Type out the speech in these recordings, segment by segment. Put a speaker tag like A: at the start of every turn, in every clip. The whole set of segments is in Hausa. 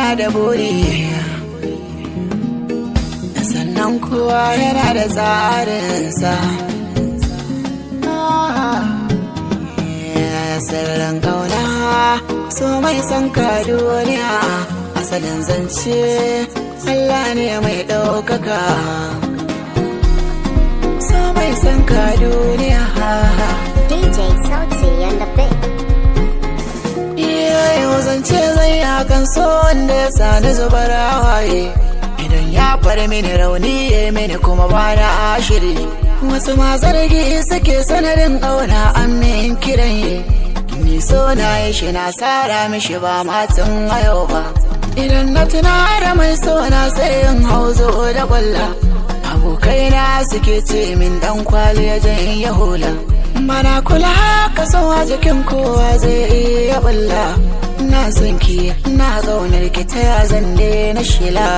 A: yana da buri sannan kowa yana da tsarinsa ah, sirrin ƙauna so mai son ka duniya asalin zance Allah ne mai ɗaukaka so mai son ka duniya san so wanda ya sani zubar hawaye idan ya bar mini rauni ya mini kuma ba da ashiri wasu ma zargi suke sanarin ƙauna an min kiran yi ni so na yi shi na sara mishi ba matan wayo ba idan na tuna mai so na sai in zo da kwalla abokai na suke ce min dan kwali ya jan yi hula mana kula ka so jikin kowa zai iya balla ina son ki ina zaunar ki ya zan na shila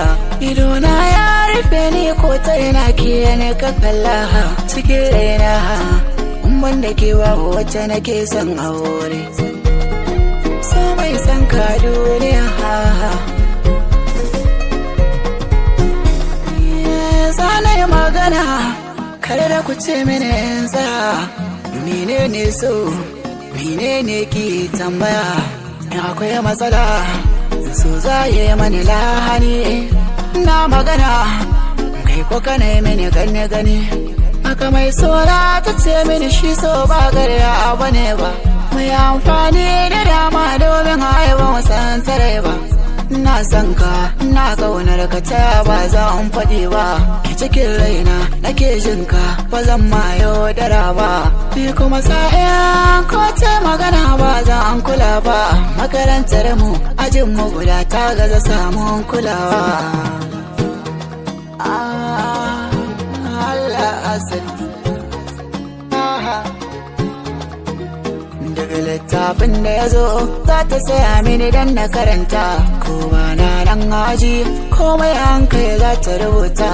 A: ido na ya rufe ni ko ta ina ke ne ka kalla cikin raina in banda ke wa wacce nake son aure so mai san ka duniya ha ha eh, magana kare da ku ce mini yanzu menene so menene ki tambaya in akwai matsala so za yi mani lahani na magana kai ko kana mini gane gani aka mai sora ta ce mini shi so ba garya abu ne ba mai amfani da dama domin haihuwa wasan ba na san ka na kaunar ka ta ba za in faɗi ba ki cikin raina nake jin ka ba zan ma yaudara ba ni kuma sa'in ko magana ba za an kula ba makarantar mu ajin mu guda ta gaza samun kulawa ah, Allah asali daga littafin da ya zo za ta saya mini dan na karanta ko na nan aji komai an kai za ta rubuta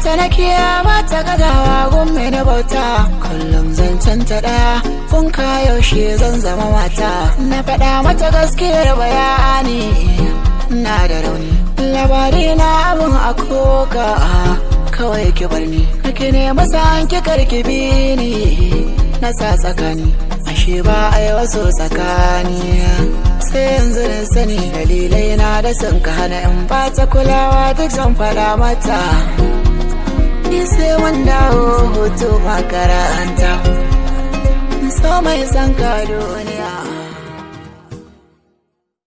A: ta na kiyama ta gadawa gumme na bauta kullum zancen ta ɗaya kun ka yaushe zan zama mata na faɗa mata gaskiyar bayani na da rauni labari na abin a koka kawai ki bar ni kake ne masa an ki bi ni na sa tsakani ashe ba a yi wasu tsakani sai yanzu na sani dalilai na da sun ka hana in ba ta kulawa duk zan fada mata ni sai wanda hoto makaranta so mai san kado ne